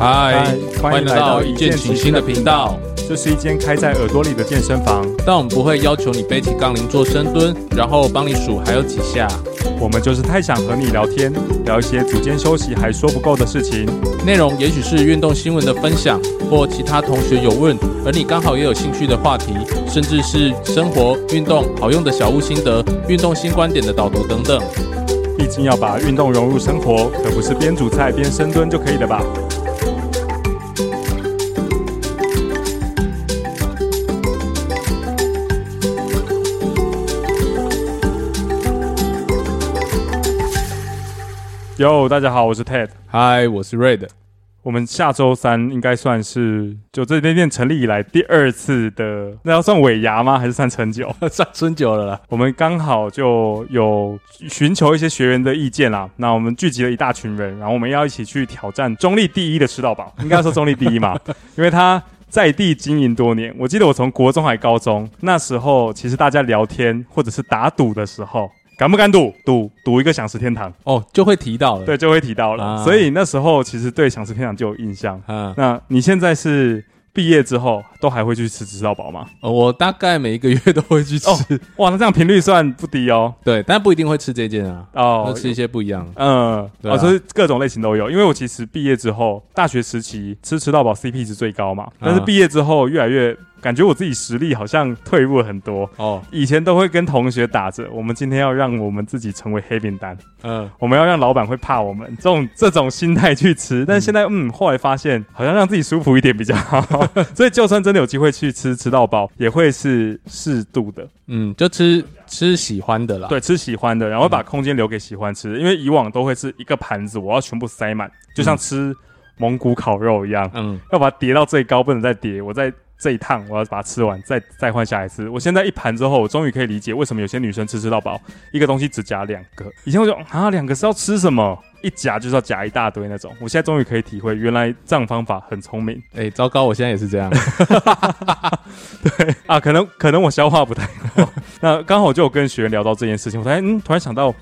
嗨，Hi, 歡迎來到一鍵群星的頻道。件頻道，這是一間開在耳朵裡的健身房，但我們不會要求你背起槓鈴做深蹲，然後幫你數還有幾下。我們就是太想和你聊天，聊一些組間休息還說不夠的事情。內容也許是運動新聞的分享，或其他同學有問，而你剛好也有興趣的話題，甚至是生活、運動好用的小物心得、運動新觀點的導讀等等。畢竟要把運動融入生活，可不是邊煮菜邊深蹲就可以的吧？Yo，大家好，我是 Ted。Hi，我是 Red。我們下周三應該算是就這間店成立以來第二次的，那要算尾牙嗎？還是算春酒？ 算春酒了啦。我們剛好就有尋求一些學員的意見啦。那我們聚集了一大群人，然後我們要一起去挑戰中壢第一的吃到飽。 應該說中壢第一嘛， 因為他在地經營多年。我記得我從國中還高中那時候，其實大家聊天或者是打賭的時候。敢不敢賭？賭賭一個饗食天堂哦，就會提到了，對，就會提到了。啊、所以那時候其實對饗食天堂就有印象。嗯、啊，那你現在是畢業之後都還會去吃吃到飽嗎？呃、哦，我大概每一個月都會去吃。哦、哇，那這樣頻率算不低哦。對，但不一定會吃這件啊。哦，要吃一些不一樣的。嗯，對。所以各種類型都有。因為我其實畢業之後，大學時期吃吃到飽 CP 值最高嘛，但是畢業之後越來越。感覺我自己實力好像退步了很多哦。以前都會跟同學打着，我們今天要讓我們自己成為黑名單。嗯，我們要讓老板會怕我們這種這種心態去吃。但是現在，嗯,嗯，後來發現好像讓自己舒服一點比較好。 所以，就算真的有機會去吃吃到飽，也會是適度的。嗯，就吃吃喜歡的啦，對，吃喜歡的，然後會把空間留給喜歡吃。嗯、因為以往都會是一個盤子，我要全部塞滿，就像吃蒙古烤肉一樣。嗯，要把它疊到最高，不能再疊。我在。這一趟我要把它吃完，再再換下一次。我現在一盤之後，我終於可以理解為什麼有些女生吃吃到飽，一個東西只夾兩個。以前我就啊，兩個是要吃什麼，一夾就是要夾一大堆那種。我現在終於可以體會，原來這樣方法很聰明。欸，糟糕，我現在也是這樣。 對啊，可能可能我消化不太好。 那剛好就有跟學員聊到這件事情，我哎嗯，突然想到，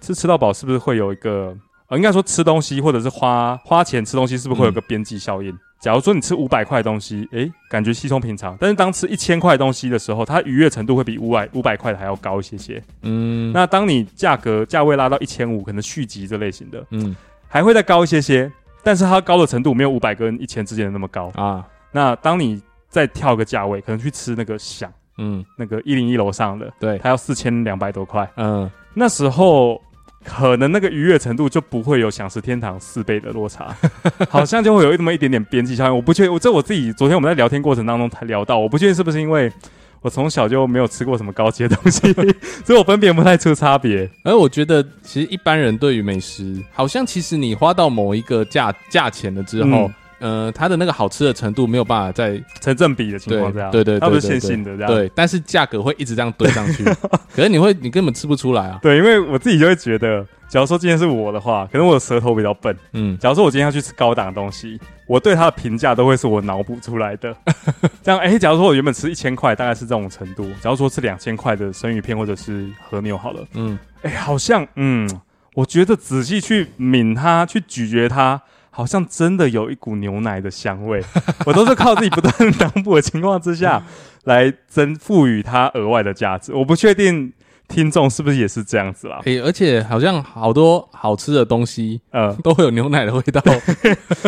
吃吃到飽是不是會有一個，呃，應該說吃東西或者是花花錢吃東西，是不是會有個邊際效應？嗯假如說你吃五百塊東西，誒、欸、感覺稀鬆平常。但是當吃一千塊東西的時候，它愉悅程度會比五百五百塊的還要高一些些。嗯，那當你價格價位拉到一千五，可能續集這類型的，嗯，還會再高一些些，但是它高的程度沒有五百跟一千之間的那麼高啊。那當你再跳個價位，可能去吃那個響，嗯，那個一零一樓上的，對，它要四千兩百多塊，嗯，那時候。可能那個愉悅程度就不會有饗食天堂四倍的落差， 好像就會有那麼一點點邊際效應。我不確定，我這我自己昨天我們在聊天過程當中才聊到，我不確定是不是因為我從小就沒有吃過什麼高級的東西， 所以我分辨不太出差別。而我覺得，其實一般人對於美食，好像其實你花到某一個價價錢了之後。嗯呃，它的那個好吃的程度沒有辦法再成正比的情況這樣對，對對對，對，對，它不是線性的這樣，對，對，對，對，對，但是價格會一直這樣堆上去， 可是你會你根本吃不出來啊。對，因為我自己就會覺得，假如說今天是我的話，可能我的舌頭比較笨，嗯，假如說我今天要去吃高檔的東西，我對它的評價都會是我腦補出來的。 這樣，哎、欸，假如說我原本吃一千塊大概是這種程度，假如說吃兩千塊的生魚片或者是和牛好了，嗯，哎、欸，好像，嗯，我覺得仔細去抿它，去咀嚼它。好像真的有一股牛奶的香味，我都是靠自己不斷腦補的情況之下來增賦予它額外的價值。我不確定聽眾是不是也是這樣子啦。誒、欸，而且好像好多好吃的東西，呃，都會有牛奶的味道。對，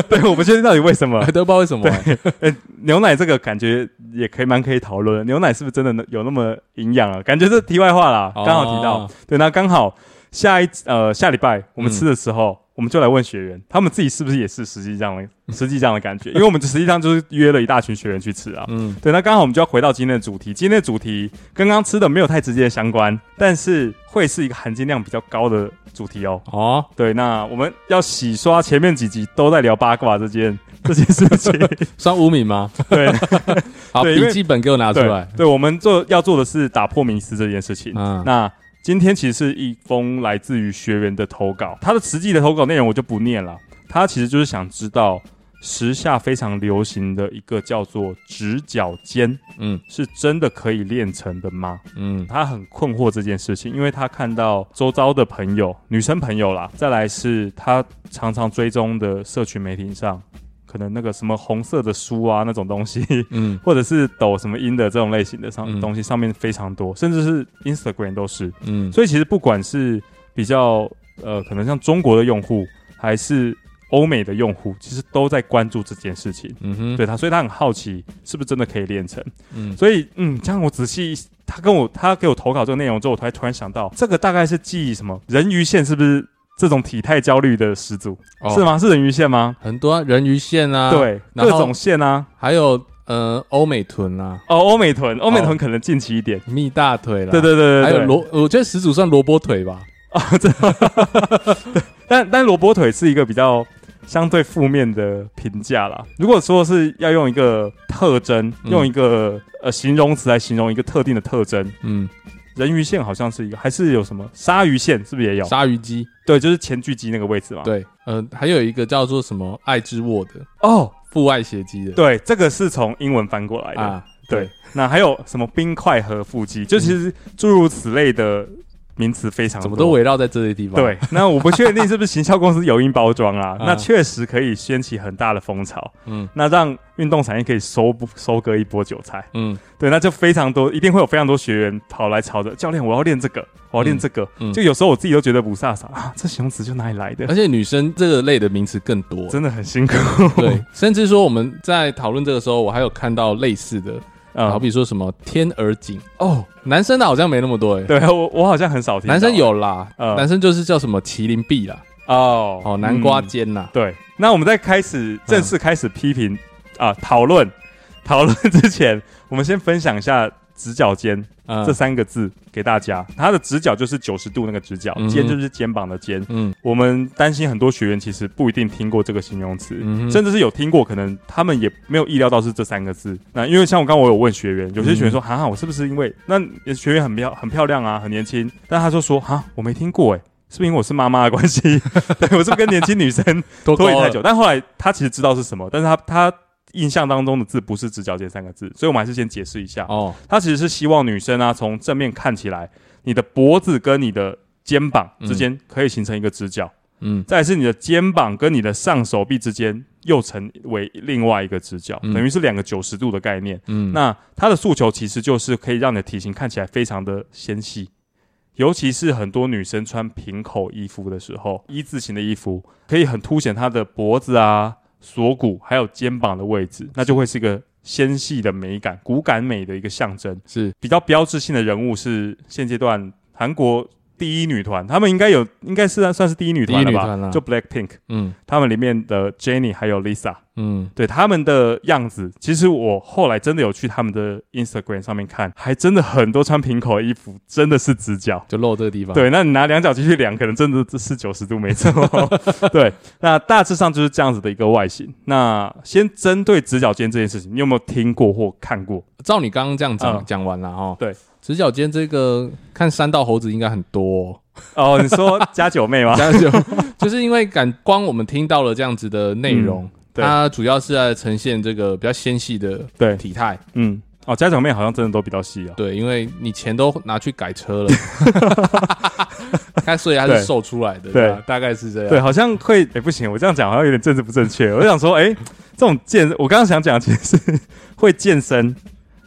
對，我不確定到底為什麼，都不知道為什麼、欸欸。牛奶這個感覺也可以蠻可以討論。牛奶是不是真的有那麼營養啊？感覺是題外話啦，剛好提到。哦、對，那剛好下一呃下禮拜我們吃的時候。嗯我們就來問學員，他們自己是不是也是實際這樣的、實際這樣的感覺？因為我們就實際上就是約了一大群學員去吃啊。嗯，對。那剛好我們就要回到今天的主題，今天的主題跟剛剛吃的沒有太直接的相關，但是會是一個含金量比較高的主題哦。哦，對。那我們要洗刷前面幾集都在聊八卦這件這件事情，算污 名嗎？對。 好，筆記本給我拿出來。對，對，我們做要做的是打破迷思這件事情。嗯，那。今天其實是一封來自於學員的投稿，他的實際的投稿內容我就不念了。他其實就是想知道時下非常流行的一個叫做直角肩，嗯，是真的可以練成的嗎？嗯，他很困惑這件事情，因為他看到周遭的朋友、女生朋友啦，再來是他常常追蹤的社群媒體上。可能那個什麼紅色的書啊，那種東西，嗯，或者是抖什麼音的這種類型的上、嗯、東西，上面非常多，甚至是 Instagram 都是，嗯，所以其實不管是比較呃，可能像中國的用戶，還是歐美的用戶，其實都在關注這件事情，嗯哼，對他，所以他很好奇是不是真的可以練成，嗯，所以，嗯，所以嗯，這樣我仔細他跟我他給我投稿這個內容之後，我才突然想到，這個大概是記憶什麼人魚線是不是？這種體態焦慮的始祖、哦、是嗎？是人魚線嗎？很多、啊、人魚線啊，對，然後，各種線啊，還有呃歐美臀啊，哦歐美臀，歐美臀可能近期一點蜜、哦、大腿了，對對，對對對，還有蘿，我覺得始祖算蘿蔔腿吧啊、哦， 但但蘿蔔腿是一個比較相對負面的評價啦，如果說是要用一個特徵，嗯、用一個呃形容詞來形容一個特定的特徵，嗯。人魚線好像是一個，還是有什麼鯊魚線？是不是也有鯊魚肌？對，就是前鋸肌那個位置嘛。對，嗯、呃，還有一個叫做什麼愛之沃的哦，腹外斜肌的。對，這個是從英文翻過來的。啊、對，對，那還有什麼冰塊和腹肌？ 就其實諸如此類的。名詞非常多，怎麼都圍繞在這些地方。對，那我不確定是不是行銷公司有音包裝啊？ 那確實可以掀起很大的風潮。嗯，那讓運動產業可以收收割一波韭菜。嗯，對，那就非常多，一定會有非常多學員跑來吵著教練：“我要練這個，我要練這個。”嗯，就有時候我自己都覺得不颯颯啊，這形容詞就哪裡來的？而且女生這個類的名詞更多，真的很辛苦。 對，甚至說我們在討論這個時候，我還有看到類似的。呃，嗯、好比說什麼天鵝頸哦，男生的好像沒那麼多誒、欸、對，我我好像很少聽，男生有啦，呃、嗯，男生就是叫什麼麒麟臂啦，哦，哦南瓜肩吶，嗯。對，那我們在開始正式開始批評、嗯、啊討論討論之前，我們先分享一下。直角肩這三個字給大家，它的直角就是九十度那個直角，肩就是肩膀的肩。嗯，我們擔心很多學員其實不一定聽過這個形容詞，甚至是有聽過，可能他們也沒有意料到是這三個字。那因為像我剛剛我有問學員，有些學員說：“哈哈，我是不是因為那學員很漂很漂亮啊，很年輕？”但他就說：“說哈，我沒聽過，誒，是不是因為我是媽媽的關係？對我是不是跟年輕女生拖拖太久。”但後來他其實知道是什麼，但是他他。印象當中的字不是直角肩三個字，所以我們還是先解釋一下哦。它其實是希望女生啊，從正面看起來，你的脖子跟你的肩膀之間可以形成一個直角，嗯，再來是你的肩膀跟你的上手臂之間又成為另外一個直角，嗯、等於是兩個九十度的概念，嗯，那它的訴求其實就是可以讓你的體型看起來非常的纖細，尤其是很多女生穿平口衣服的時候，一字型的衣服可以很凸顯她的脖子啊。鎖骨還有肩膀的位置，那就會是一個纖細的美感、骨感美的一個象徵是，是比較標誌性的人物，是現階段韓國第一女團，她們應該有，應該是算是第一女團了吧？第一女團啊，就 Black Pink，嗯，她們裡面的 Jennie 還有 Lisa，嗯，對，她們的樣子，其實我後來真的有去她們的 Instagram 上面看，還真的很多穿平口的衣服，真的是直角，就露這個地方。對，那你拿量角器去量，可能真的是九十度沒錯。 對，那大致上就是這樣子的一個外形。那先針對直角肩這件事情，你有沒有聽過或看過？照你剛剛這樣講講、嗯、完了哦。對。直角肩這個，看三道猴子應該很多哦，哦。你說加九妹嗎？ 加九就是因為感光，我們聽到了這樣子的內容。它、嗯、主要是在呈現這個比較纖細的體態，對體態。嗯，哦，加九妹好像真的都比較細啊。對，因為你錢都拿去改車了， 他所以他是瘦出來的。對吧，大概是這樣。對，好像會誒，欸、不行，我這樣講好像有點政治不正確。 我想說，誒、欸，這種健，我剛剛想講其實是會健身。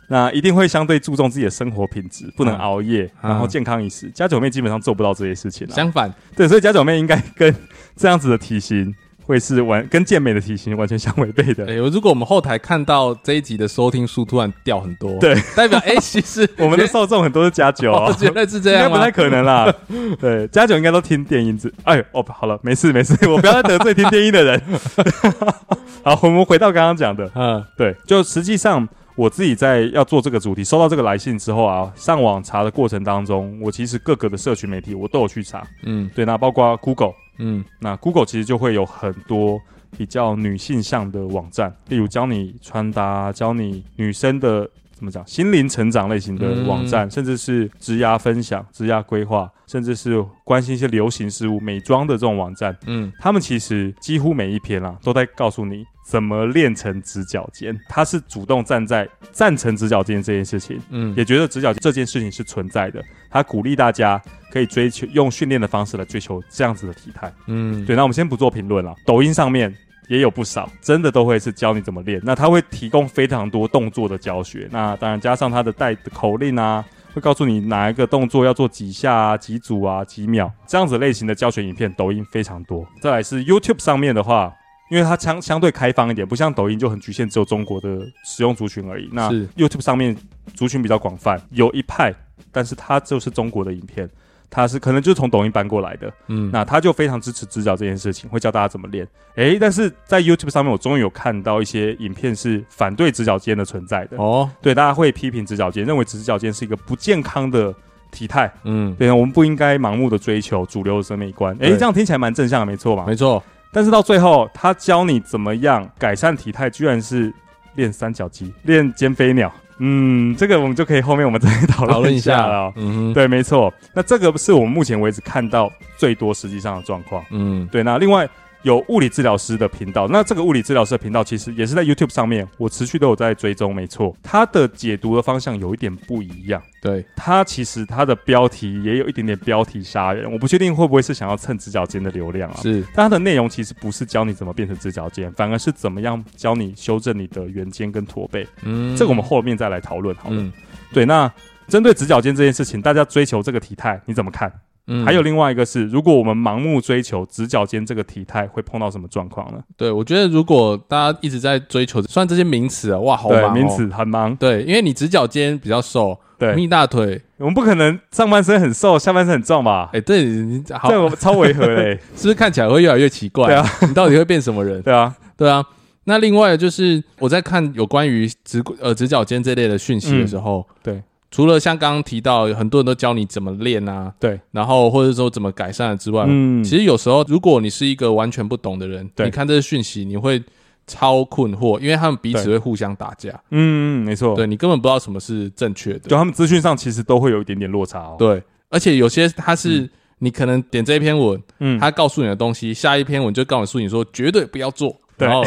那一定會相對注重自己的生活品質，不能熬夜，嗯、然後健康飲食。嗯、加酒妹基本上做不到這些事情了、啊。相反，對，所以加酒妹應該跟這樣子的體型會是完跟健美的體型完全相違背的。對、欸，如果我們後台看到這一集的收聽數突然掉很多，對，代表哎、欸，其實 我們的受眾很多是加酒、啊。絕對是這樣。應該不太可能啦。對，加酒應該都聽電音質。哎，哦，好了，沒事沒事，我不要再得罪聽電音的人。 好，我們回到剛剛講的，嗯，對，就實際上。我自己在要做這個主題，收到這個來信之後啊，上網查的過程當中，我其實各個的社群媒體我都有去查，嗯，對，那包括 Google，嗯，那 Google 其實就會有很多比較女性向的網站，例如教你穿搭、教你女生的怎麼講心靈成長類型的網站，嗯、甚至是職業分享、職業規劃，甚至是關心一些流行事物、美妝的這種網站，嗯，他們其實幾乎每一篇啊都在告訴你。怎麼練成直角肩？他是主動站在贊成直角肩這件事情，嗯，也覺得直角肩這件事情是存在的。他鼓勵大家可以追求用訓練的方式來追求這樣子的體態，嗯，對。那我們先不做評論了。抖音上面也有不少，真的都會是教你怎麼練。那他會提供非常多動作的教學，那當然加上他的帶口令啊，會告訴你哪一個動作要做幾下啊、幾組啊、幾秒這樣子類型的教學影片，抖音非常多。再來是 YouTube 上面的話。因為它相相對開放一點，不像抖音就很局限，只有中國的使用族群而已。那是 YouTube 上面族群比較廣泛，有一派，但是他就是中國的影片，他是可能就是從抖音搬過來的。嗯，那他就非常支持直角這件事情，會教大家怎麼練。哎、欸，但是在 YouTube 上面，我終於有看到一些影片是反對直角肩的存在的。哦，對，大家會批評直角肩，認為直、直角肩是一個不健康的體態。嗯，對，我們不應該盲目的追求主流的審美觀。哎、欸，對這樣聽起來蠻正向的，沒錯吧？沒錯。但是到最後，他教你怎麼樣改善體態，居然是練三角肌、練肩飛鳥。嗯，這個我們就可以後面我們再討論一下了。下嗯哼，對，沒錯。那這個是我們目前為止看到最多實際上的狀況。嗯，對。那另外。有物理治療師的頻道，那這個物理治療師的頻道其實也是在 YouTube 上面，我持續都有在追蹤，沒錯。它的解讀的方向有一點不一樣，對，它其實它的標題也有一點點標題殺人，我不確定會不會是想要蹭直角肩的流量啊。是，但它的內容其實不是教你怎麼變成直角肩，反而是怎麼樣教你修正你的圓肩跟駝背。嗯，這個我們後面再來討論好了。嗯、對，那針對直角肩這件事情，大家追求這個體態，你怎麼看？嗯，還有另外一個是，如果我們盲目追求直角肩這個體態，會碰到什麼狀況呢？對，我覺得如果大家一直在追求，算這些名詞，啊，哇，好忙、哦，名詞很忙，對，因為你直角肩比較瘦，對，蜜大腿，我們不可能上半身很瘦，下半身很壯吧？哎、欸，對，你好，這樣我超違和誒， 是不是看起來會越來越奇怪？對啊，你到底會變什麼人？對啊，對啊。那另外就是我在看有關於直呃直角肩這類的訊息的時候，嗯、對。除了像剛剛提到，很多人都教你怎麼練啊，對，然後或者說怎麼改善之外，嗯，其實有時候如果你是一個完全不懂的人，你看這些訊息，你會超困惑，因為他們彼此會互相打架，嗯，沒錯，對，你根本不知道什麼是正確的，就他們資訊上其實都會有一點點落差，對，而且有些他是你可能點這一篇文，他告訴你的東西，下一篇文就告訴你說絕對不要做，對，然後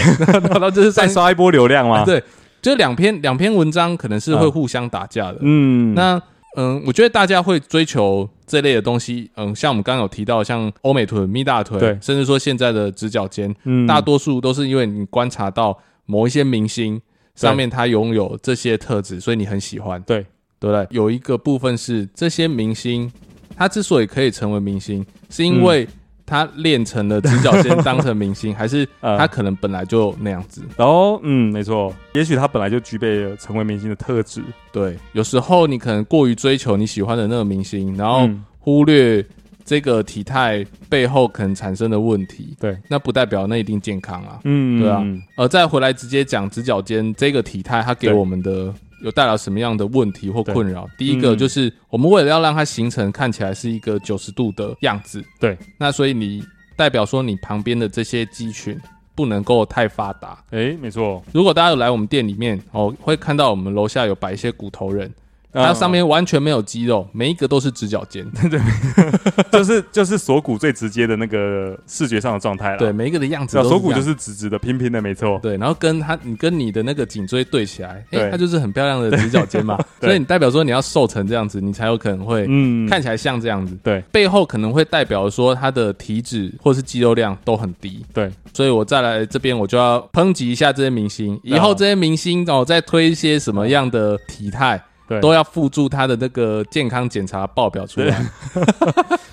那就是再刷一波流量嘛。對。就兩篇兩篇文章可能是會互相打架的，嗯，那嗯，我覺得大家會追求這類的東西，嗯，像我們剛剛有提到，像歐美臀、蜜大臀，對，甚至說現在的直角肩，嗯，大多數都是因為你觀察到某一些明星上面他擁有這些特質，對所以你很喜歡，對，對不對？有一個部分是這些明星他之所以可以成為明星，是因為。他練成了直角肩，當成明星， 還是他可能本來就那樣子。然後、呃哦，嗯，沒錯，也許他本來就具備了成為明星的特質。對，有時候你可能過於追求你喜歡的那個明星，然後忽略這個體態背後可能產生的問題。對、嗯，那不代表那一定健康啊。嗯，對啊。而、呃、再回來直接講直角肩這個體態，它給我們的。有帶來什麼樣的問題或困擾？對第一個就是我們為了要讓它形成看起來是一個九十度的樣子，對，那所以你代表說你旁邊的這些肌群不能夠太發達。誒、欸，沒錯。如果大家有來我們店裡面哦、喔，會看到我們樓下有擺一些骨頭人。Uh, 它上面完全沒有肌肉，每一個都是直角肩，對， 就是就是鎖骨最直接的那個視覺上的狀態了。對，每一個的樣子樣，鎖骨就是直直的、平平的，沒錯。對，然後跟它，你跟你的那個頸椎對起來，對誒它就是很漂亮的直角肩嘛。對所以你代表說你要瘦成這樣子，你才有可能會嗯看起來像這樣子。嗯、對，背後可能會代表說他的體脂或是肌肉量都很低。對，所以我再來這邊，我就要抨擊一下這些明星。以後這些明星哦，嗯、再推一些什麼樣的體態？對 都要付注他的那個健康檢查報表出來。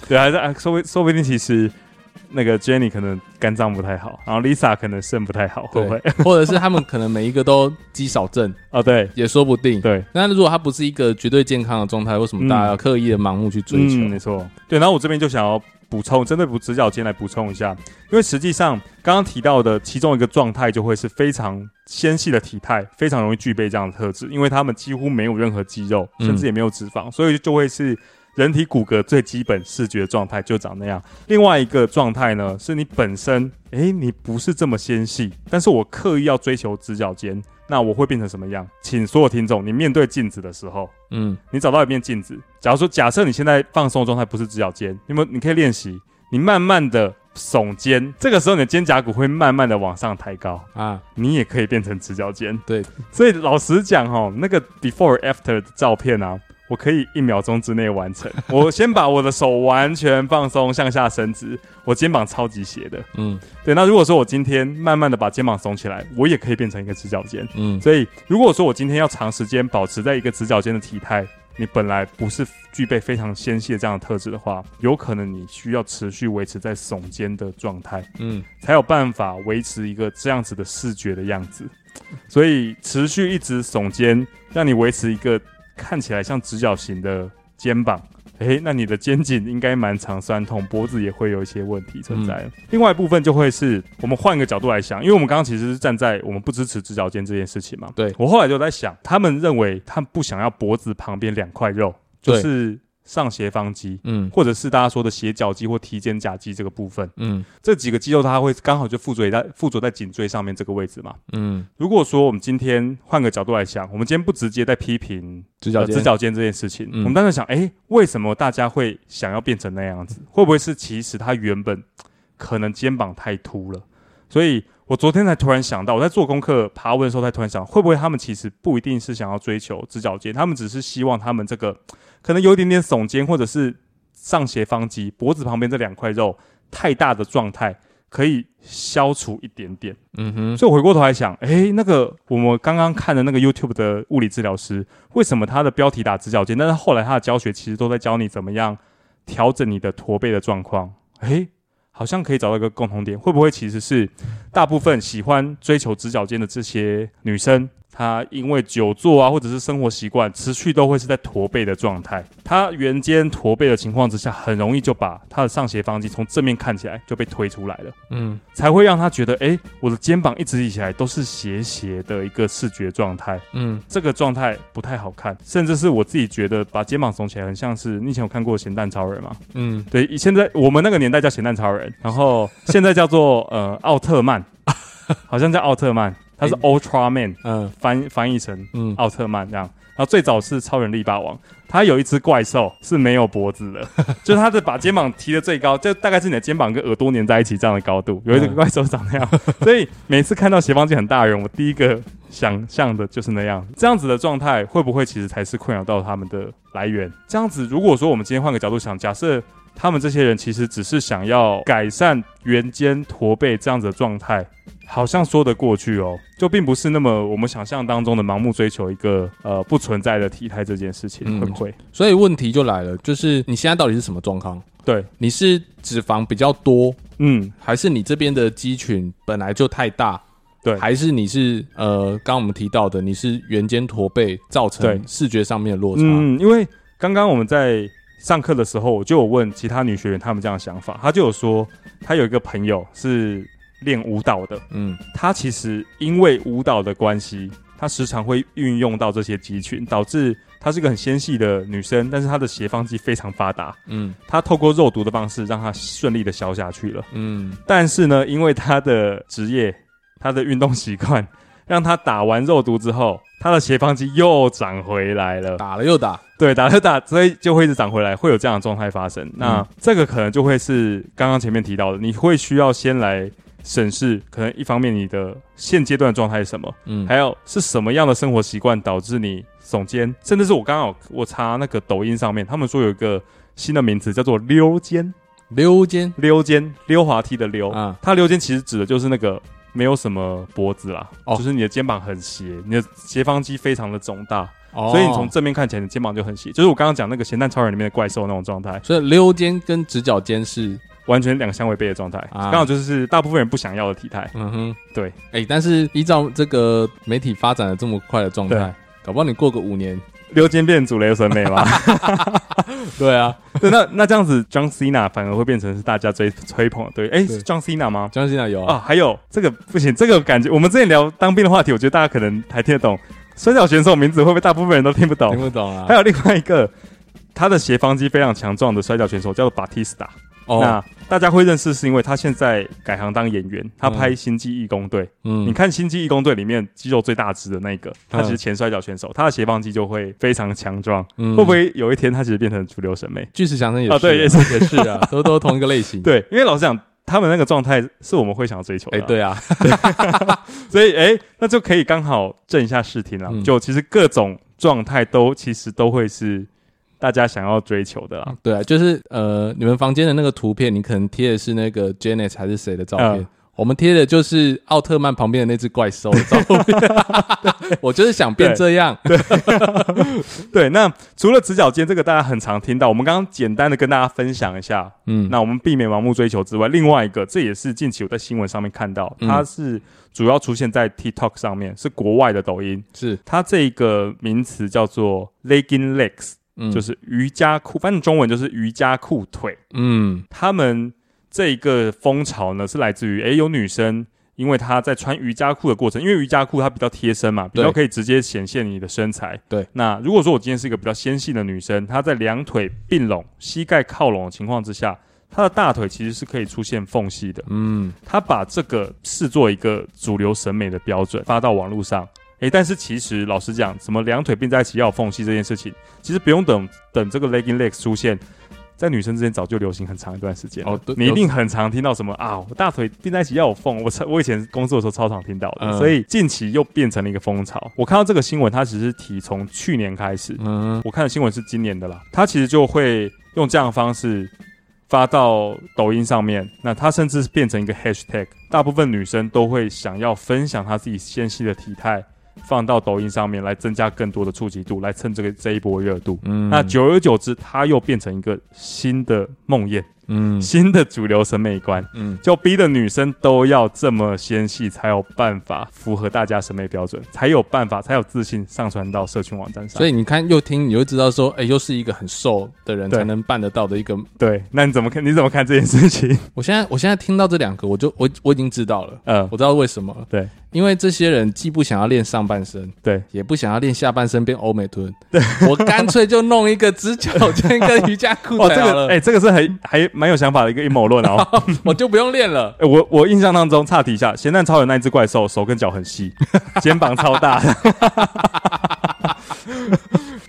對， 還是啊，說不定說不定其實那個 Jenny 可能肝臟不太好，然後 Lisa 可能腎不太好，會不會？或者是他們可能每一個都肌少症啊，哦、對，也說不定。對，那如果他不是一個絕對健康的狀態，為什麼大家要刻意的盲目去追求？嗯嗯、沒錯，對，然後我這邊就想要。補充，針對補直角肩來補充一下，因為實際上剛剛提到的其中一個狀態就會是非常纖細的體態，非常容易具備這樣的特質，因為他們幾乎沒有任何肌肉，甚至也沒有脂肪，嗯、所以就會是。人體骨骼最基本視覺狀態就長那樣。另外一個狀態呢，是你本身，誒、欸、你不是這麼纖細，但是我刻意要追求直角肩，那我會變成什麼樣？請所有聽眾，你面對鏡子的時候，嗯，你找到一面鏡子。假如說，假設你現在放鬆狀態不是直角肩，那麼你可以練習，你慢慢的聳肩，這個時候你的肩胛骨會慢慢的往上抬高啊，你也可以變成直角肩。對，所以老實講哦，那個 before after 的照片啊。我可以一秒鐘之內完成。我先把我的手完全放鬆，向下伸直。我肩膀超級斜的，嗯，對。那如果說我今天慢慢的把肩膀聳起來，我也可以變成一個直角肩，嗯。所以如果說我今天要長時間保持在一個直角肩的體態，你本來不是具備非常纖細的這樣的特質的話，有可能你需要持續維持在聳肩的狀態，嗯，才有辦法維持一個這樣子的視覺的樣子。所以持續一直聳肩，讓你維持一個。看起來像直角形的肩膀，誒、欸，那你的肩頸應該蠻常酸痛，脖子也會有一些問題存在。嗯、另外一部分就會是我們換一個角度來想，因為我們剛剛其實是站在我們不支持直角肩這件事情嘛。對，我後來就在想，他們認為他們不想要脖子旁邊兩塊肉，就是對。上斜方肌，嗯，或者是大家說的斜角肌或提肩胛肌這個部分，嗯，這幾個肌肉它會剛好就附着在附着在頸椎上面這個位置嘛，嗯，如果說我們今天換個角度來想，我們今天不直接在批評直角肩直角肩這件事情，嗯，我們單純想，哎，為什麼大家會想要變成那樣子？會不會是其實他原本可能肩膀太突了，所以。我昨天才突然想到，我在做功課爬文的時候才突然想，會不會他們其實不一定是想要追求直角肩，他們只是希望他們這個可能有一點點聳肩或者是上斜方肌脖子旁邊這兩塊肉太大的狀態可以消除一點點。嗯哼，所以我回過頭來想，誒、欸，那個我們剛剛看的那個 YouTube 的物理治療師，為什麼他的標題打直角肩，但是後來他的教學其實都在教你怎麼樣調整你的駝背的狀況，誒、欸。好像可以找到一個共同點，會不會其實是大部分喜歡追求直角肩的這些女生，他因為久坐啊，或者是生活習慣持續都會是在駝背的狀態。他圓肩駝背的情況之下，很容易就把他的上斜方肌從正面看起來就被推出來了。嗯，才會讓他覺得，哎，我的肩膀一直以來都是斜斜的一個視覺狀態。嗯，這個狀態不太好看，甚至是我自己覺得把肩膀聳起來，很像是你以前有看過鹹蛋超人嗎？嗯，對，現在我們那個年代叫鹹蛋超人，然後現在叫做呃奧特曼，好像叫奧特曼。 他是 Ultraman，嗯，翻翻譯成嗯奧特曼這樣，然後最早是超人力霸王。他有一隻怪獸是沒有脖子的， 就是他的把肩膀提得最高，就大概是你的肩膀跟耳朵黏在一起，這樣的高度，有一隻怪獸長那樣，嗯、所以每次看到斜方肌很大的人，我第一個想象的就是那樣，這樣子的狀態會不會其實才是困擾到他們的來源？這樣子，如果說我們今天換個角度想，假設他們這些人其實只是想要改善圓肩駝背這樣子的狀態。好像說得過去哦，就並不是那麼我們想象當中的盲目追求一個呃不存在的體態這件事情，會不、嗯、會？所以問題就來了，就是你現在到底是什麼狀況？對，你是脂肪比較多，嗯，還是你這邊的肌群本來就太大？對，還是你是呃，剛剛我們提到的，你是圓肩駝背造成視覺上面的落差？嗯，因為剛剛我們在上課的時候，我就有問其他女學員她們這樣的想法，她就有說，她有一個朋友是。練舞蹈的，嗯，她其實因為舞蹈的關係，她時常會運用到這些肌群，導致她是一個很纖細的女生，但是她的斜方肌非常發達，嗯，她透過肉毒的方式讓她順利的消下去了，嗯，但是呢，因為她的職業，她的運動習慣，讓她打完肉毒之後，她的斜方肌又長回來了，打了又打，對，打了又打，所以就會一直長回來，會有這樣的狀態發生。嗯、那這個可能就會是剛剛前面提到的，你會需要先來。審視，可能一方面你的現階段的狀態是什麼，嗯，還有是什麼樣的生活習慣導致你聳肩，甚至是我剛好我查那個抖音上面，他們說有一個新的名詞叫做溜肩，溜肩，溜肩，溜滑梯的溜啊，它溜肩其實指的就是那個沒有什麼脖子啦，哦、就是你的肩膀很斜，你的斜方肌非常的腫大，哦、所以你從正面看起來，你肩膀就很斜，就是我剛剛講那個鹹蛋超人裡面的怪獸那種狀態，所以溜肩跟直角肩是完全兩相違背的狀態，剛、啊、好就是大部分人不想要的體態。嗯哼，對，哎、欸，但是依照這個媒體發展的這麼快的狀態，對搞不好你過個五年，溜肩變主流審美嘛？ 對啊，對，那那這樣子 John Cena 反而會變成是大家追追捧的。對，哎、欸、對是 John Cena 嗎 John Cena 有啊，哦、還有這個不行，這個感覺我們之前聊當兵的話題，我覺得大家可能還聽得懂摔角選手名字，會不會大部分人都聽不懂？聽不懂啊！還有另外一個，他的斜方肌非常強壯的摔角選手叫做 Batista。Oh, 那大家會認識是因為他現在改行當演員，他拍《星際異攻隊》。嗯，你看《星際異攻隊》裡面肌肉最大只的那個，嗯、他其實前摔跤選手，他的斜方肌就會非常強壯。嗯，會不會有一天他其實變成主流審美？巨石強森也是啊，對，也是也是啊，都 都同一個類型。 對，因為老實講，他們那個狀態是我們會想要追求的、啊欸。對啊， 所以誒、欸，那就可以剛好正一下視聽了。嗯、就其實各種狀態都其實都會是。大家想要追求的啦，嗯，對啊，就是呃，你們房間的那個圖片，你可能貼的是那個 Janet 還是誰的照片？嗯、我們貼的就是奧特曼旁邊的那只怪獸的照片。 對我就是想變這樣，對，對。 對那除了直角肩這個，大家很常聽到，我們剛剛簡單的跟大家分享一下。嗯，那我們避免盲目追求之外，另外一個，這也是近期我在新聞上面看到，嗯、它是主要出現在 TikTok 上面，是國外的抖音，是它這一個名詞叫做 Legging Legs。嗯，就是瑜伽褲，反正中文就是瑜伽褲腿。嗯，他們這一個風潮呢，是來自於誒、欸，有女生因為她在穿瑜伽褲的過程，因為瑜伽褲它比較貼身嘛，比較可以直接顯現你的身材。對，那如果說我今天是一個比較纖細的女生，她在兩腿併攏、膝蓋靠攏的情況之下，她的大腿其實是可以出現縫隙的。嗯，她把這個視作一個主流審美的標準，發到網絡上。欸，但是其實老實講，什麼兩腿併在一起要有縫隙這件事情，其實不用等，等這個 legging legs 出現在女生之間早就流行很長一段時間。哦，你一定很常聽到什麼啊，我大腿併在一起要有縫，我我以前工作的時候超常聽到的。嗯。所以近期又變成了一個風潮。我看到這個新聞，它其實是提從去年開始，嗯，我看的新聞是今年的啦。它其實就會用這樣的方式發到抖音上面，那它甚至是變成一個 hashtag，大部分女生都會想要分享她自己纖細的體態，放到抖音上面來增加更多的觸及度，來蹭這個這一波熱度。嗯，那久而久之，它又變成一個新的夢魘。嗯，新的主流審美觀，嗯，就逼的女生都要這麼纖細，才有辦法符合大家審美標準，才有辦法才有自信上傳到社群網站上。所以你看，又聽，你又知道說，哎、欸，又是一個很瘦的人才能辦得到的一個。對，那你怎麼看？你怎麼看這件事情？我現在，我現在聽到這兩個，我就我我已經知道了。嗯，我知道為什麼。對，因為這些人既不想要練上半身，對，也不想要練下半身變歐美臀，對，我乾脆就弄一個直角肩跟瑜伽褲腿就好了哎、 哦，這個欸，這個是很還有。蠻有想法的一個陰謀論，哦，我就不用練了。我我印象當中，岔題一下，鹹蛋超人那一隻怪獸，手跟腳很細，肩膀超大。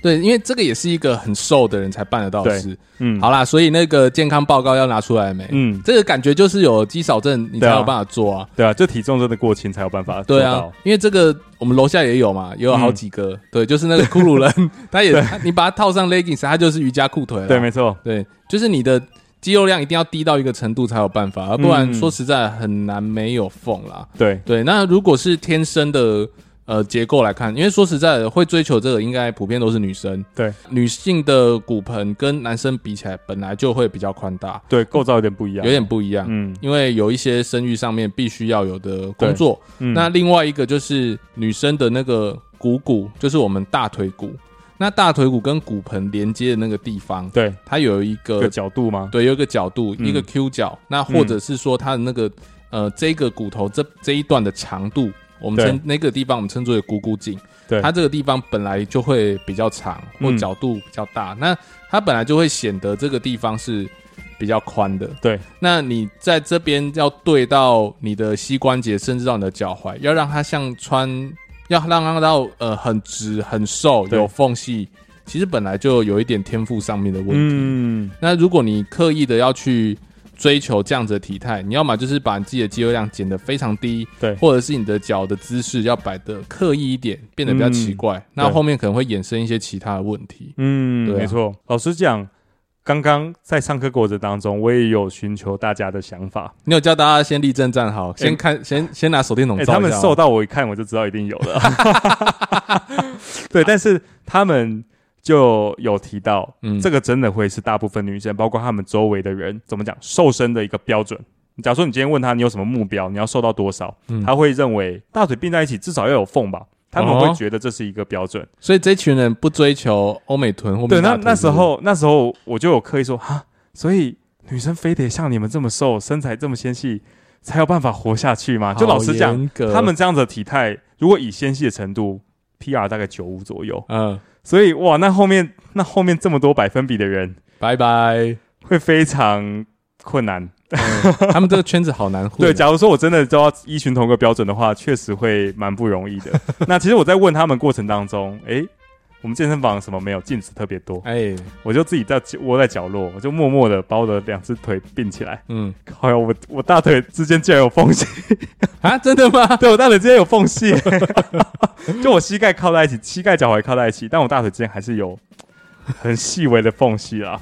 對，因為這個也是一個很瘦的人才辦得到事。嗯，好啦，所以那個健康報告要拿出來沒？嗯，這個感覺就是有肌少症，你才有辦法做啊。對啊，就體重真的過輕才有辦法做。對啊，因為這個我們樓下也有嘛，也有好幾個。對，就是那個骷髏人，他也，你把他套上 leggings，他就是瑜伽褲腿。對，沒錯，對，就是你的。肌肉量一定要低到一個程度才有辦法，啊，而不然說實在很難沒有縫啦。對對，那如果是天生的呃結構來看，因為說實在的會追求這個，應該普遍都是女生。對，女性的骨盆跟男生比起來，本來就會比較寬大。對，構造有點不一樣，有點不一樣。嗯，因為有一些生育上面必須要有的工作。那另外一個就是女生的那個股骨，骨，就是我們大腿骨。那大腿骨跟骨盆連接的那個地方，對，它有一個、這個角度嗎？對，有一個角度，嗯、一個 Q 角。那或者是說它的那個、嗯、呃，這個骨頭這這一段的長度，我們稱對那個地方我們稱之為股骨頸。對，它這個地方本來就會比較長，或角度比較大，嗯、那它本來就會顯得這個地方是比較寬的。對，那你在這邊要對到你的膝關節，甚至到你的腳踝，要讓它像穿。要讓讓到呃很直很瘦，對有縫隙，其實本來就有一點天賦上面的問題。嗯、那如果你刻意的要去追求這樣子的體態，你要麼就是把自己的肌肉量減得非常低，對，或者是你的腳的姿勢要擺得刻意一點，變得比較奇怪，嗯、那後面可能會衍生一些其他的問題。嗯，對啊、沒錯，老實講。剛剛在上課過程當中，我也有尋求大家的想法。你有教大家先立正站好，欸、先看，先先拿手電筒照、哦欸。他們瘦到我一看，我就知道一定有的。 對，啊、但是他們就有提到，嗯、啊，這個真的會是大部分女生，嗯、包括他們周圍的人，怎麼講瘦身的一個標準。假如說你今天問他你有什麼目標，你要瘦到多少，嗯、他會認為大腿併在一起至少要有縫吧。他們會覺得這是一個標準，所以這群人不追求歐美臀或美大腿是不是？對，那那時候那時候我就有刻意說哈，所以女生非得像你們這麼瘦，身材這麼纖細，才有辦法活下去嗎？就老實講，他們這樣子的體態，如果以纖細的程度，PR 大概九五左右。嗯，所以哇，那後面那後面這麼多百分比的人，拜拜，會非常困難。 嗯、他們這個圈子好難混，對，假如說我真的都要一群同個標準的話，確實會蠻不容易的。 那其實我在問他們過程當中，哎，我們健身房什麼沒有鏡子特別多，哎，我就自己在窩在角落，我就默默的把我的兩隻腿併起來，嗯，好呀，我我大腿之間竟然有縫隙 啊？真的嗎？對，我大腿之間有縫隙， 就我膝蓋靠在一起，膝蓋腳踝靠在一起，但我大腿之間還是有。很細微的縫隙啊，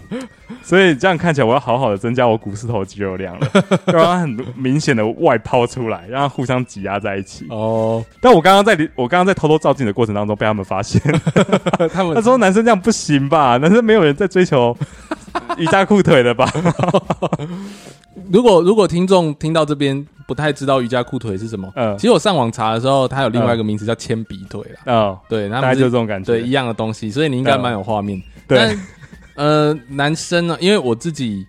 所以這樣看起來，我要好好的增加我股四頭的肌肉量了，讓它很明顯的外拋出來，讓它互相擠壓在一起。哦，但我剛剛在，我剛剛在偷偷照鏡的過程當中被他們發現， 他們他說男生這樣不行吧？男生沒有人在追求瑜伽褲腿的吧 如？如果如果聽眾聽到這邊不太知道瑜伽褲腿是什麼，嗯，其實我上網查的時候，它有另外一個名字叫鉛筆腿了。對，大家就這種感覺，對一樣的東西，所以你應該蠻有畫面。對，但呃，男生呢、啊，因為我自己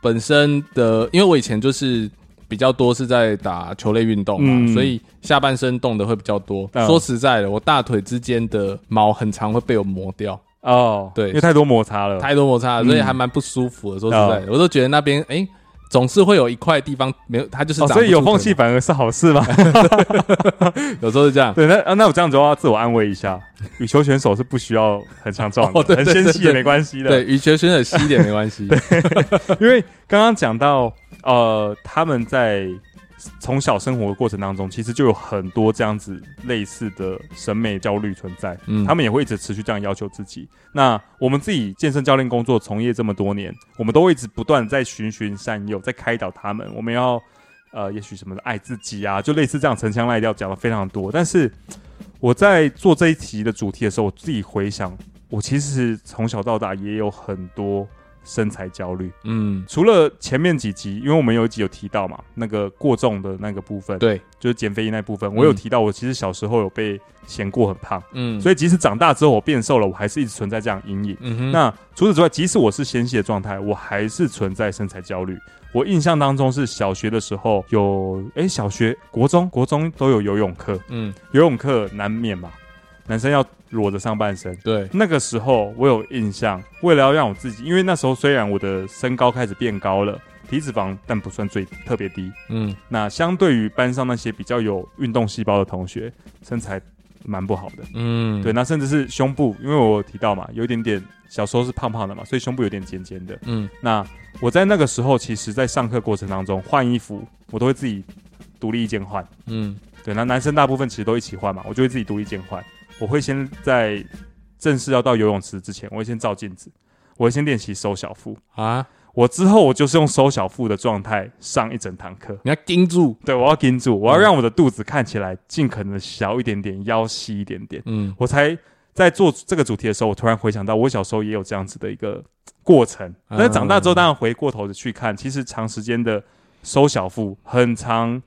本身的，因為我以前就是比較多是在打球類運動嘛，所以下半身動的會比較多。說實在的，我大腿之間的毛很常，會被我磨掉哦，對，因為太多摩擦了，太多摩擦了，所以還蠻不舒服的。說實在的，我都覺得那邊哎。總是會有一塊地方沒有，他就是長。長、哦，所以有縫隙反而是好事嘛， 有時候是這樣。對，那那我這樣子的話，自我安慰一下，羽球選手是不需要很強壯的，很纖細也沒關係的。對，羽球選手細一點沒關係。 因為剛剛講到，呃，他們在。從小生活的過程當中，其實就有很多這樣子類似的審美焦慮存在。嗯，他們也會一直持續這樣要求自己。那我們自己健身教練工作從業這麼多年，我們都會一直不斷在循循善誘，在開導他們。我們要呃，也許什麼的愛自己啊，就類似這樣陳腔濫調講的要非常多。但是我在做這一期的主題的時候，我自己回想，我其實從小到大也有很多。身材焦慮，嗯，除了前面幾集，因為我們有一集有提到嘛，那個過重的那個部分，對，就是減肥那部分，嗯、我有提到，我其實小時候有被嫌過很胖，嗯，所以即使長大之後我變瘦了，我還是一直存在這樣陰影。嗯、哼那除此之外，即使我是纖細的狀態，我還是存在身材焦慮。我印象當中是小學的時候有，哎、欸，小學、國中、國中都有游泳課，嗯，游泳課難免嘛。男生要裸着上半身。對，那個時候我有印象，為了要讓我自己，因為那時候雖然我的身高開始變高了，體脂肪但不算最特別低。嗯，那相對於班上那些比較有運動細胞的同學，身材蠻不好的。嗯，對，那甚至是胸部，因為我有提到嘛，有一點點小時候是胖胖的嘛，所以胸部有點尖尖的。嗯，那我在那個時候，其實，在上課過程當中換衣服，我都會自己獨立一件換。嗯，對，那男生大部分其實都一起換嘛，我就會自己獨立一件換。我會先在正式要到游泳池之前，我會先照鏡子，我會先練習收小腹啊。我之後我就是用收小腹的狀態上一整堂課。你要盯住，對我要盯住，我要讓我的肚子看起來盡可能小一點點，嗯、腰細一點點。嗯，我才在做這個主題的時候，我突然回想到，我小時候也有這樣子的一個過程。但是長大之後，當然回過頭的去看，嗯嗯嗯其實長時間的收小腹，很常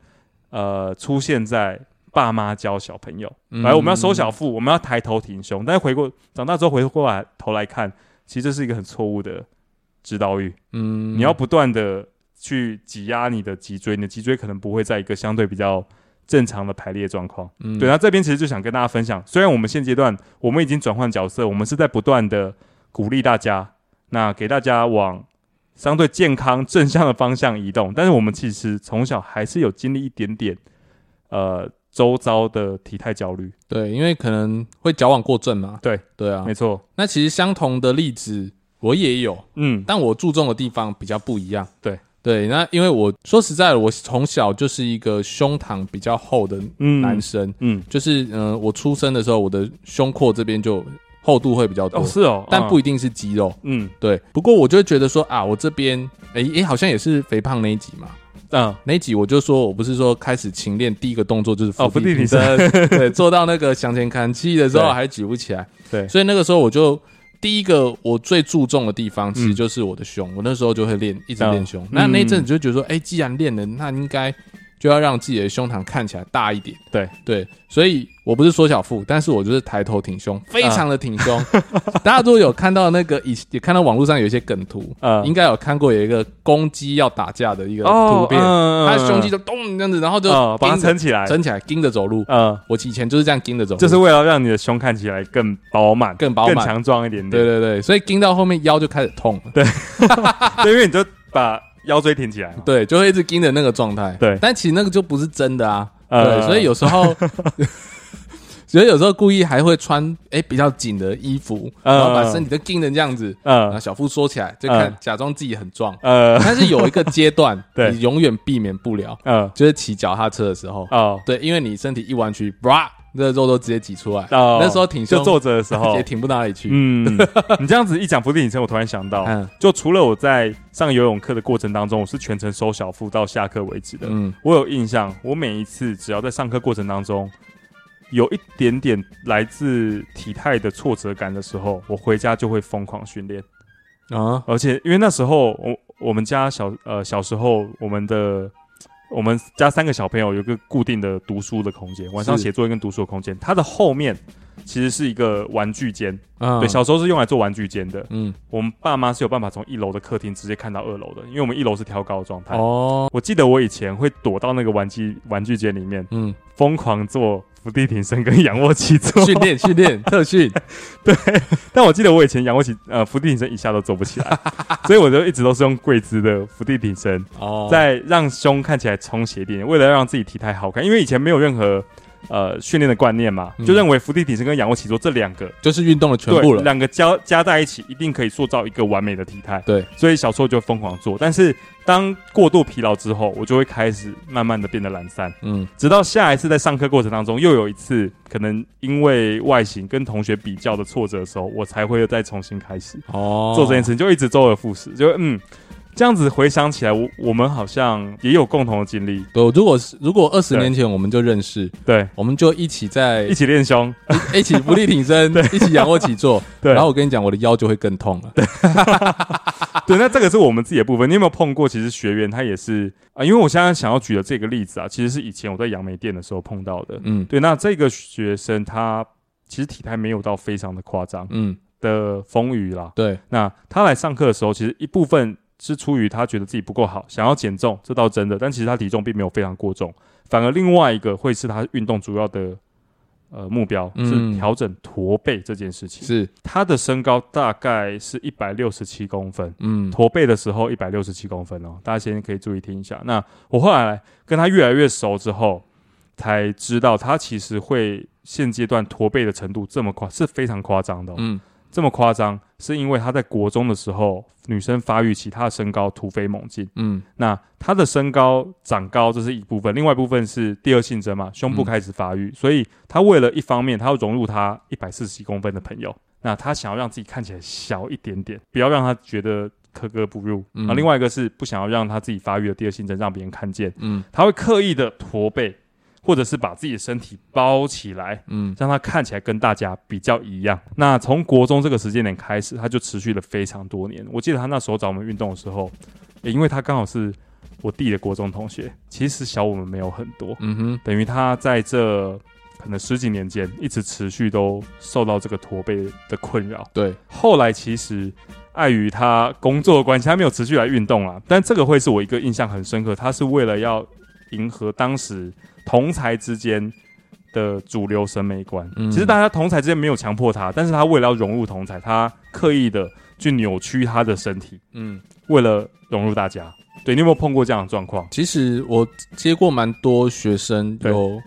呃出現在。爸媽教小朋友，來，我們要收小腹，嗯，我們要抬頭挺胸。但是回過長大之後，回過頭來看，其實這是一個很錯誤的指導語。嗯，你要不斷的去擠壓你的脊椎，你的脊椎可能不會在一個相對比較正常的排列狀況。嗯，對。那這邊其實就想跟大家分享，雖然我們現階段我們已經轉換角色，我們是在不斷的鼓勵大家，那給大家往相對健康正向的方向移動。但是我們其實從小還是有經歷一點點，呃。周遭的體態焦慮，對，因為可能會矯枉過正嘛。對，對啊，沒錯。那其實相同的例子我也有，嗯，但我注重的地方比較不一樣。對，對，那因為我說實在的，我從小就是一個胸膛比較厚的男生，嗯，嗯就是嗯、呃，我出生的時候我的胸廓這邊就厚度會比較多，哦是哦，但不一定是肌肉，嗯，對。不過我就覺得說啊，我這邊哎哎好像也是肥胖那一集嘛。嗯，uh, 那集我就說，我不是說開始勤練，第一個動作就是哦，伏、oh, 地挺身，對，做到那個向前看齊的時候 還舉不起來，對，所以那個時候我就第一個我最注重的地方其實就是我的胸，嗯、我那時候就會練一直練胸，uh. 那那陣子就覺得說，哎、嗯欸，既然練了，那應該。就要讓自己的胸膛看起來大一點。對對，所以我不是縮小腹，但是我就是抬頭挺胸，非常的挺胸。大家都有看到那個，也看到網絡上有一些梗圖，應該有看過有一個公雞要打架的一個圖片，它胸肌就咚這樣子，然後就繃撐起來，撐起來，撐着走路。嗯，我以前就是這樣撐着走。就是為了讓你的胸看起來更飽滿、更飽滿、更強壯一點點。對對對，所以撐到後面腰就開始痛了。對，因為你就把。腰椎挺起來，對，就會一直盯着那個狀態，對。但其實那個就不是真的啊，對。所以有時候，所以有時候故意還會穿誒比較緊的衣服，然後把身體都繃的這樣子，嗯，然後小腹縮起來，就看假裝自己很壯，呃，但是有一個階段，你永遠避免不了，嗯，就是騎腳踏車的時候，哦，對，因為你身體一彎曲，bra。那肉都直接擠出來，到那時候挺胸，就坐着的時候也挺不到哪裡去。嗯， 你這樣子一講伏地挺身，我突然想到，嗯，就除了我在上游泳課的過程當中，我是全程收小腹到下課為止的。嗯，我有印象，我每一次只要在上課過程當中有一點點來自體態的挫折感的時候，我回家就會瘋狂訓練啊。而且因為那時候我我們家小呃小時候我們的。我們家三個小朋友有一個固定的讀書的空間，晚上寫作業跟讀書的空間。它是的後面其實是一個玩具間，啊、對，小時候是用來做玩具間的。嗯，我們爸媽是有辦法從一樓的客廳直接看到二樓的，因為我們一樓是挑高的狀態。哦，我記得我以前會躲到那個玩具玩具間裡面，嗯，瘋狂做。伏地挺身跟仰臥起坐訓練訓練特訓訓，對。但我記得我以前仰臥起呃伏地挺身一下都做不起來， 所以我就一直都是用跪姿的伏地挺身，哦、在讓胸看起來充血一點，為了讓自己體態好看。因為以前沒有任何。呃，訓練的觀念嘛，嗯，就認為伏地挺身跟仰臥起坐這兩個就是運動的全部了。兩個加加在一起，一定可以塑造一個完美的體態。對，所以小時候就瘋狂做。但是當過度疲勞之後，我就會開始慢慢的變得懶散。嗯，直到下一次在上課過程當中又有一次可能因為外形跟同學比較的挫折的時候，我才會再重新開始。哦，做這件事就一直周而復始，就嗯。這樣子回想起來，我我們好像也有共同的經歷。對，如果是如果二十年前我們就認識，對，我們就一起在一起練胸一，一起伏地挺身，對一起仰臥起坐。對，然後我跟你講，我的腰就會更痛了。對， 對，那這個是我們自己的部分。你有沒有碰過？其實學員他也是啊、呃，因為我現在想要舉的這個例子啊，其實是以前我在楊梅店的時候碰到的。嗯，對，那這個學生他其實體態沒有到非常的誇張，嗯，的豐腴啦。嗯、對，那他來上課的時候，其實一部分。是出於他覺得自己不夠好，想要減重，這倒真的。但其實他體重並沒有非常過重，反而另外一個會是他運動主要的呃目標是調整駝背這件事情。嗯、是他的身高大概是一百六十七公分，嗯，駝背的時候一百六十七公分哦。大家先可以注意聽一下。那我後來跟他越來越熟之後，才知道他其實會現階段駝背的程度這麼誇是非常誇張的，哦，嗯。這麼誇張，是因為他在國中的時候，女生發育，其他身高突飛猛進。嗯，那他的身高、嗯、的身高長高，這是一部分，另外一部分是第二性徵嘛，胸部開始發育。嗯、所以，他為了一方面，他要融入他一百四十一公分的朋友，那他想要讓自己看起來小一點點，不要讓他覺得格格不入。那、嗯、另外一個是不想要讓他自己發育的第二性徵讓別人看見。嗯，他會刻意的駝背。或者是把自己的身體包起來，嗯，讓他看起來跟大家比較一樣。那從國中這個時間點開始，他就持續了非常多年。我記得他那時候找我們運動的時候，欸，因為他剛好是我弟的國中同學，其實小我們沒有很多，嗯哼，等於他在這可能十幾年間一直持續都受到這個駝背的困擾。對，後來其實礙於他工作的關係，他沒有持續來運動啊。但這個會是我一個印象很深刻，他是為了要迎合當時。同才之間的主流審美觀，嗯、其實大家同才之間沒有強迫他，但是他為了要融入同才，他刻意的去扭曲他的身體，嗯，為了融入大家，對，你有沒有碰過這樣的狀況？其實我接過蠻多學生，有，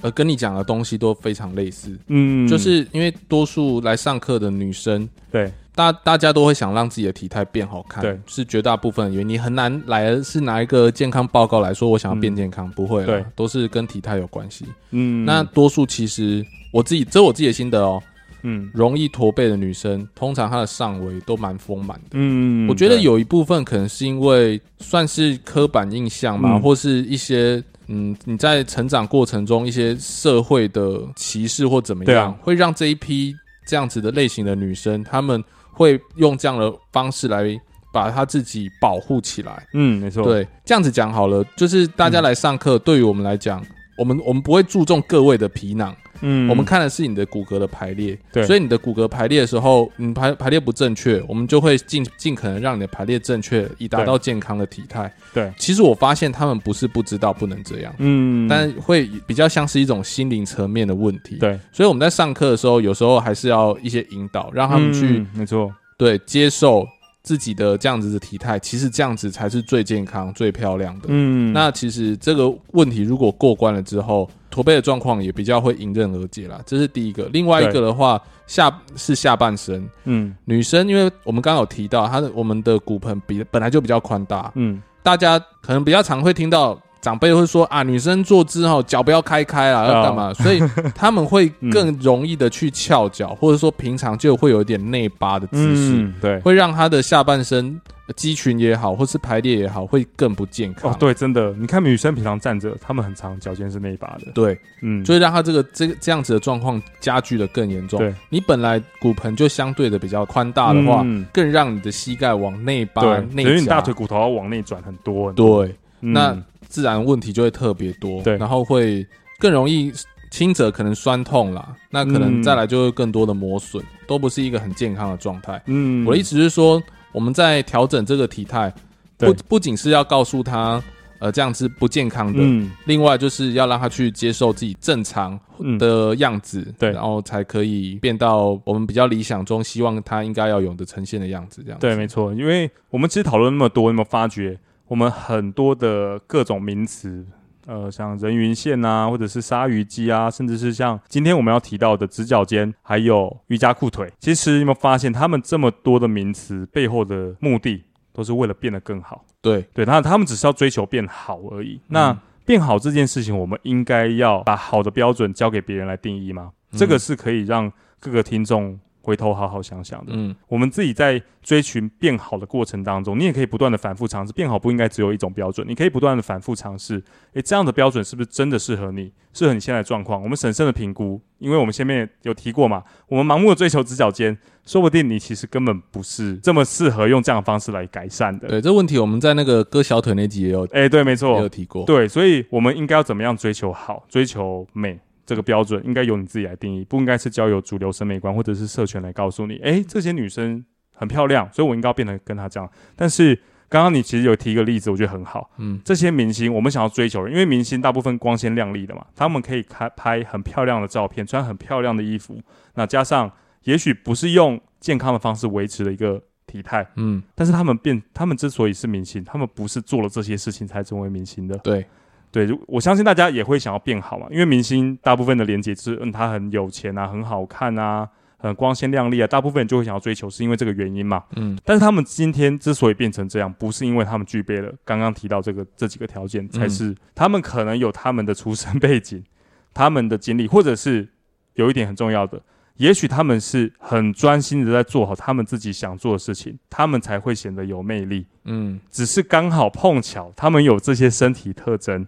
呃對，跟你講的東西都非常類似，嗯，就是因為多數來上課的女生，對。大大家都會想讓自己的體態變好看，對，是絕大部分的原因。因為你很難來是拿一個健康報告來說，我想要變健康，嗯、不會對，都是跟體態有關係。嗯，那多數其實我自己只有我自己的心得哦、喔。嗯，容易駝背的女生，通常她的上圍都蠻豐滿的。嗯嗯，我覺得有一部分可能是因為算是刻板印象嘛，嗯、或是一些嗯，你在成長過程中一些社會的歧視或怎麼樣，啊、會讓這一批這樣子的類型的女生她們。會用這樣的方式來把他自己保護起來。嗯，沒錯。對，這樣子講好了，就是大家來上課，嗯、對於我們來講。我們我們不會注重各位的皮囊，嗯，我們看的是你的骨骼的排列，對所以你的骨骼排列的時候，你排排列不正確，我們就會盡盡可能讓你的排列正確，以達到健康的體態。對，其實我發現他們不是不知道不能這樣，嗯，但會比較像是一種心靈層面的問題，對，所以我們在上課的時候，有時候還是要一些引導，讓他們去，嗯，沒錯，對，接受。自己的這樣子的體態，其實這樣子才是最健康、最漂亮的。嗯，那其實這個問題如果過關了之後，駝背的狀況也比較會迎刃而解啦。這是第一個，另外一個的話，對下是下半身。嗯，女生因為我們剛剛有提到，她的我們的骨盆比本來就比較寬大。嗯，大家可能比較常會聽到。長輩會說啊，女生坐姿吼，腳不要開開啊，要幹嘛？所以他們會更容易的去翹腳，或者說平常就會有點內八的姿勢，對，會讓他的下半身肌群也好，或是排列也好，會更不健康。哦，對，真的，你看女生平常站着，她們很長，腳尖是內八的，對，嗯，所以讓她這個這這樣子的狀況加劇的更嚴重。對，你本來骨盆就相對的比較寬大的話，嗯，更讓你的膝蓋往內八，內，所以你大腿骨頭要往內轉很多。對，那。自然問題就會特別多，對，然後會更容易輕者可能酸痛啦，那可能再來就會更多的磨損，嗯、都不是一個很健康的狀態。嗯，我的意思是說，我們在調整這個體態，不對不僅是要告訴他，呃，這樣是不健康的，嗯、另外就是要讓他去接受自己正常的樣子，嗯、對，然後才可以變到我們比較理想中希望他應該要有的呈現的樣子，這樣子。對，沒錯，因為我們其實討論那麼多，有沒有發覺？我們很多的各種名詞，呃，像人魚線啊，或者是鯊魚肌啊，甚至是像今天我們要提到的直角肩，還有瑜伽褲腿，其實你有沒有發現，他們這麼多的名詞背後的目的，都是為了變得更好。對對，那他們只是要追求變好而已。嗯、那變好這件事情，我們應該要把好的標準交給別人來定義嗎？嗯、這個是可以讓各個聽眾。回頭好好想想的。嗯，我們自己在追尋變好的過程當中，你也可以不斷的反覆嘗試。變好不應該只有一種標準，你可以不斷的反覆嘗試，誒，這樣的標準是不是真的適合你，適合你現在的狀況？我們審慎的評估，因為我們前面有提過嘛，我們盲目的追求直角肩，說不定你其實根本不是這麼適合用這樣的方式來改善的。對，這問題我們在那個割小腿那集也有，誒，對，沒錯，有提過。對，所以我們應該要怎麼樣追求好，追求美？這個標準應該由你自己來定義，不應該是交由主流審美觀或者是社群來告訴你。哎、欸，這些女生很漂亮，所以我應該變成跟她這樣。但是剛剛你其實有提一個例子，我覺得很好。嗯，這些明星我們想要追求，因為明星大部分光鮮亮麗的嘛，他們可以開拍很漂亮的照片，穿很漂亮的衣服，那加上也許不是用健康的方式維持的一個體態，嗯，但是他們變，他們之所以是明星，他們不是做了這些事情才成為明星的，對。對，我相信大家也會想要變好嘛，因為明星大部分的連結是，嗯，他很有錢啊，很好看啊，很光鮮亮麗啊，大部分人就會想要追求，是因為這個原因嘛。嗯，但是他們今天之所以變成這樣，不是因為他們具備了剛剛提到這個這幾個條件，才是他們可能有他們的出身背景、他們的經歷，或者是有一點很重要的，也許他們是很專心的在做好他們自己想做的事情，他們才會顯得有魅力。嗯，只是剛好碰巧，他們有這些身體特徵。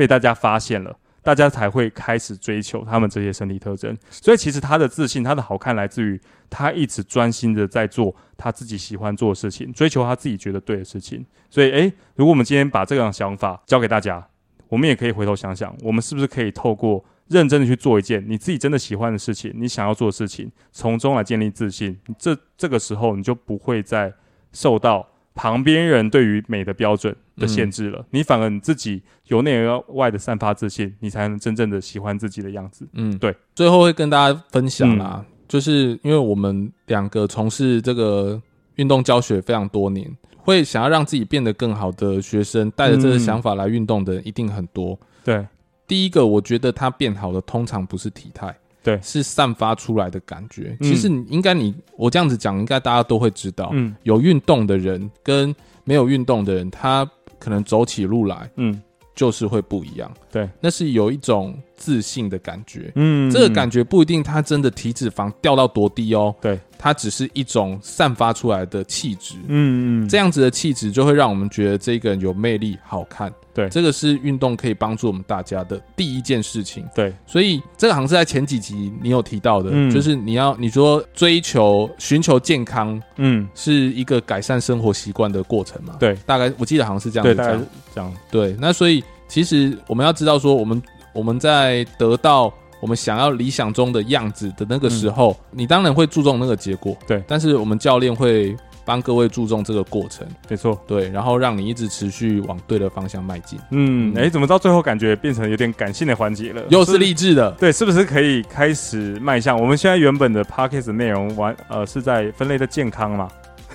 被大家發現了，大家才會開始追求他們這些身體特徵。所以其實他的自信，他的好看來自於他一直專心的在做他自己喜歡做的事情，追求他自己覺得對的事情。所以，誒，如果我們今天把這樣的想法教給大家，我們也可以回頭想想，我們是不是可以透過認真的去做一件你自己真的喜歡的事情，你想要做的事情，從中來建立自信。這這個時候你就不會再受到。旁邊人對於美的標準的限制了，嗯、你反而你自己由內而外的散發自信，你才能真正的喜歡自己的樣子。嗯，對。最後會跟大家分享啦、啊，嗯、就是因為我們兩個從事這個運動教學非常多年，會想要讓自己變得更好的學生，帶着這個想法來運動的一定很多。嗯、對，第一個我覺得他變好的通常不是體態。對，是散發出來的感覺。其實你應該，你我這樣子講，應該大家都會知道。嗯，有運動的人跟沒有運動的人，他可能走起路來，嗯，就是會不一樣。對，那是有一種自信的感覺。嗯，這個感覺不一定他真的體脂肪掉到多低哦。對，它只是一種散發出來的氣質。嗯嗯，這樣子的氣質就會讓我們覺得這個人有魅力、好看。對，這個是運動可以幫助我們大家的第一件事情。對，所以這個好像是在前幾集你有提到的，嗯、就是你要你說追求、尋求健康，嗯，是一個改善生活習慣的過程嘛？對，大概我記得好像是這樣子對，這樣，這樣對。那所以其實我們要知道說，我們我們在得到我們想要理想中的樣子的那個時候，嗯、你當然會注重那個結果。對，但是我們教練會。幫各位注重這個過程，沒錯，對，然後讓你一直持續往對的方向邁進。嗯，哎、嗯欸，怎麼到最後感覺變成有點感性的環節了？又是勵志的，對，是不是可以開始邁向我們現在原本的 Podcast 內容？完，呃，是在分類的健康嘛，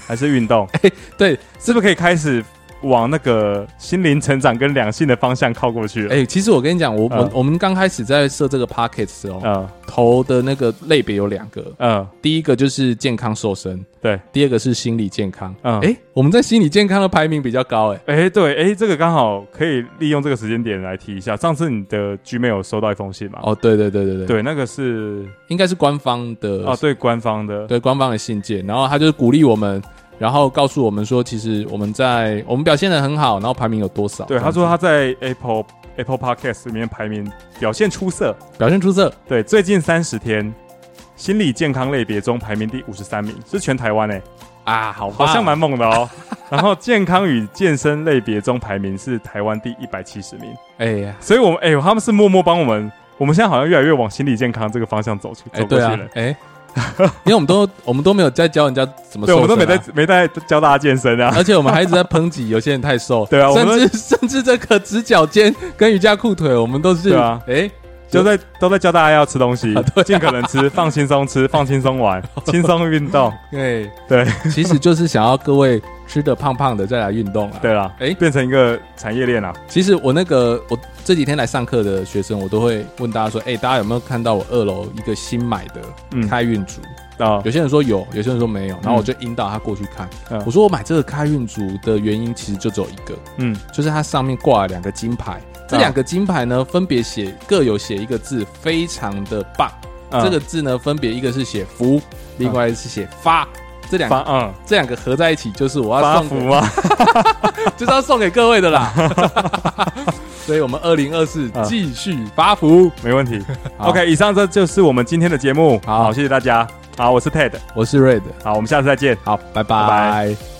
還是運動？哎、欸，對，是不是可以開始？往那個心靈成長跟兩性的方向靠過去。哎、欸，其實我跟你講，我我、嗯、我們剛開始在設這個 pockets 時候，嗯，投的那個類別有兩個，嗯，第一個就是健康瘦身，對，第二個是心理健康。嗯，哎、欸，我們在心理健康的排名比較高、欸，哎，哎，對，哎、欸，這個剛好可以利用這個時間點來提一下。上次你的 Gmail 有收到一封信嗎？哦，對對對對對，對，那個是應該是官方的，哦、啊，對，官方的，對，官方的信件，然後他就是鼓勵我們。然後告訴我們說，其實我們在我們表現得很好，然後排名有多少？對，他說他在 Apple Apple Podcast 裡面排名表現出色，表現出色。對，最近三十天心理健康類別中排名第五十三名，是全台灣誒、欸、啊，好，好、哦、像蠻猛的哦。 然後健康與健身類別中排名是台灣第一百七十名，哎呀，所以我們哎呦，他們是默默幫我們，我們現在好像越來越往心理健康這個方向走去，哎、走過去了，哎。因為我們都我們都沒有在教人家怎麼瘦，我們都沒在沒在教大家健身啊。而且我們還一直在抨擊有些人太瘦，對啊，甚至甚至這個直角肩跟瑜伽褲腿，我們都是對啊，哎，都在都在教大家要吃東西，都盡可能吃，放輕鬆吃，放輕鬆玩，輕鬆運動。對對，其實就是想要各位。吃的胖胖的再來運動了、啊，對啦，哎、欸，變成一個產業鏈啦、啊。其實我那個我這幾天來上課的學生，我都會問大家說，哎、欸，大家有沒有看到我二樓一個新買的開運竹啊？嗯、有些人說有，有些人說沒有，嗯、然後我就引導他過去看。嗯、我說我買這個開運竹的原因其實就只有一個，嗯，就是它上面掛了兩個金牌，這兩個金牌呢分別寫各有寫一個字，非常的棒。嗯、這個字呢分別一個是寫福，另外一個是寫發。這兩個，嗯，這兩個合在一起就是我要送福啊 就是要送給各位的啦。 所以，我們二零二四繼續發福，沒問題。好 OK，以上這就是我們今天的節目。好，好，謝謝大家。好，我是 Ted，我是 Red。好，我們下次再見。好，拜拜。拜拜。